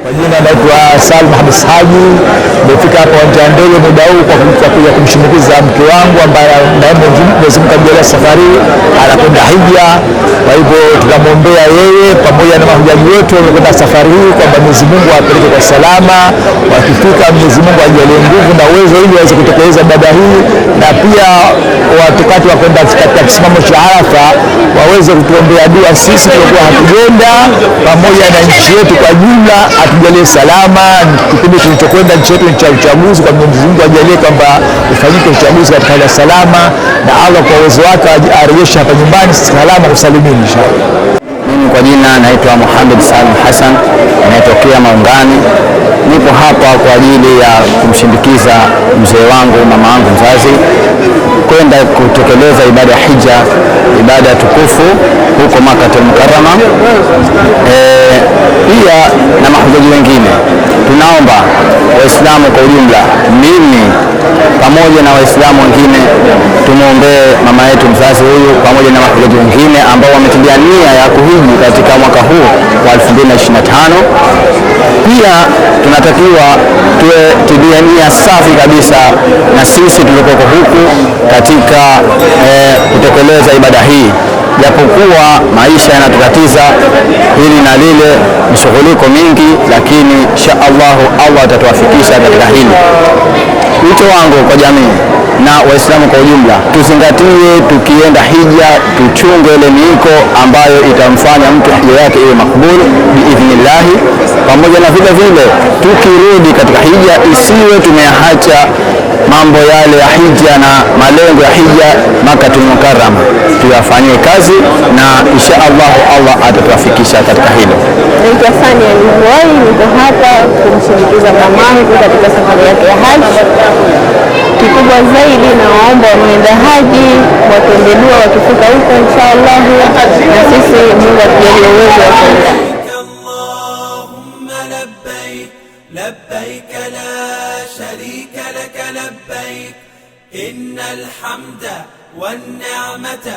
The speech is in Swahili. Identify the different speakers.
Speaker 1: Kwa jina naitwa Salma Hamis Haji. Nimefika hapa uwanja wa ndege muda huu kwa kuja kumshinikiza mke wangu ambaye naomba Mwenyezi Mungu amejalia safari anakwenda hija. Kwa hivyo tunamwombea yeye pamoja na mahujaji wetu wamekwenda safari hii kwamba Mwenyezi Mungu apeleke kwa salama, wakifika Mwenyezi Mungu ajalie nguvu na uwezo ili waweze kutekeleza ibada hii na pia wakati wa kwenda katika kisimamo cha Arafa waweze kutuombea dua sisi tulikuwa hatujenda pamoja na nchi yetu kwa jumla, atujalie salama. Kipindi tulichokwenda nchi yetu cha uchaguzi, kwa Mwenyezi Mungu ajalie kwamba ufanyike uchaguzi katika hali ya salama, na Allah kwa uwezo wake arejeshe hapa nyumbani salama kusalimini, inshallah.
Speaker 2: Mimi kwa jina naitwa Muhammad Salim Hassan, natokea Maungani. Nipo hapa kwa ajili ya kumshindikiza mzee wangu, mama wangu mzazi kwenda kutekeleza ibada ya hija, ibada ya tukufu huko Makkatul Mukarrama. E, pia na mahujaji wengine, tunaomba Waislamu kwa ujumla, mimi pamoja na Waislamu wengine tumwombee mama yetu mzazi huyu pamoja na mahujaji wengine ambao wametimia nia ya kuhiji katika mwaka huu wa 2025. Pia tunatakiwa tuwe tubie nia safi kabisa na sisi tulikoko huku katika eh, kutekeleza ibada hii, japokuwa maisha yanatutatiza hili na lile, mishughuliko mingi, lakini insha Allahu Allah atatuwafikisha katika hili. Wito wangu kwa jamii na Waislamu kwa ujumla, tuzingatie tukienda hija, tuchunge ile miiko ambayo itamfanya mtu hija yake iwe makbulu biidhnillahi, pamoja na vile vile tukirudi katika hija isiwe tumeacha mambo yale ya hija na malengo ya hija Makkatul Mukarrama, tuyafanyie kazi na insha Allah Allah atatuafikisha katika hilo.
Speaker 1: Naitwa Sania Lihoi, niko hapa kumshinikiza mamangu katika safari yake kubwa zaidi, na waomba wanedahaji watende dua wakifika huko inshallah na sisi Mungu atujalie uwezo wa kwenda. لبيك لا شريك لك لبيك إن الحمد والنعمة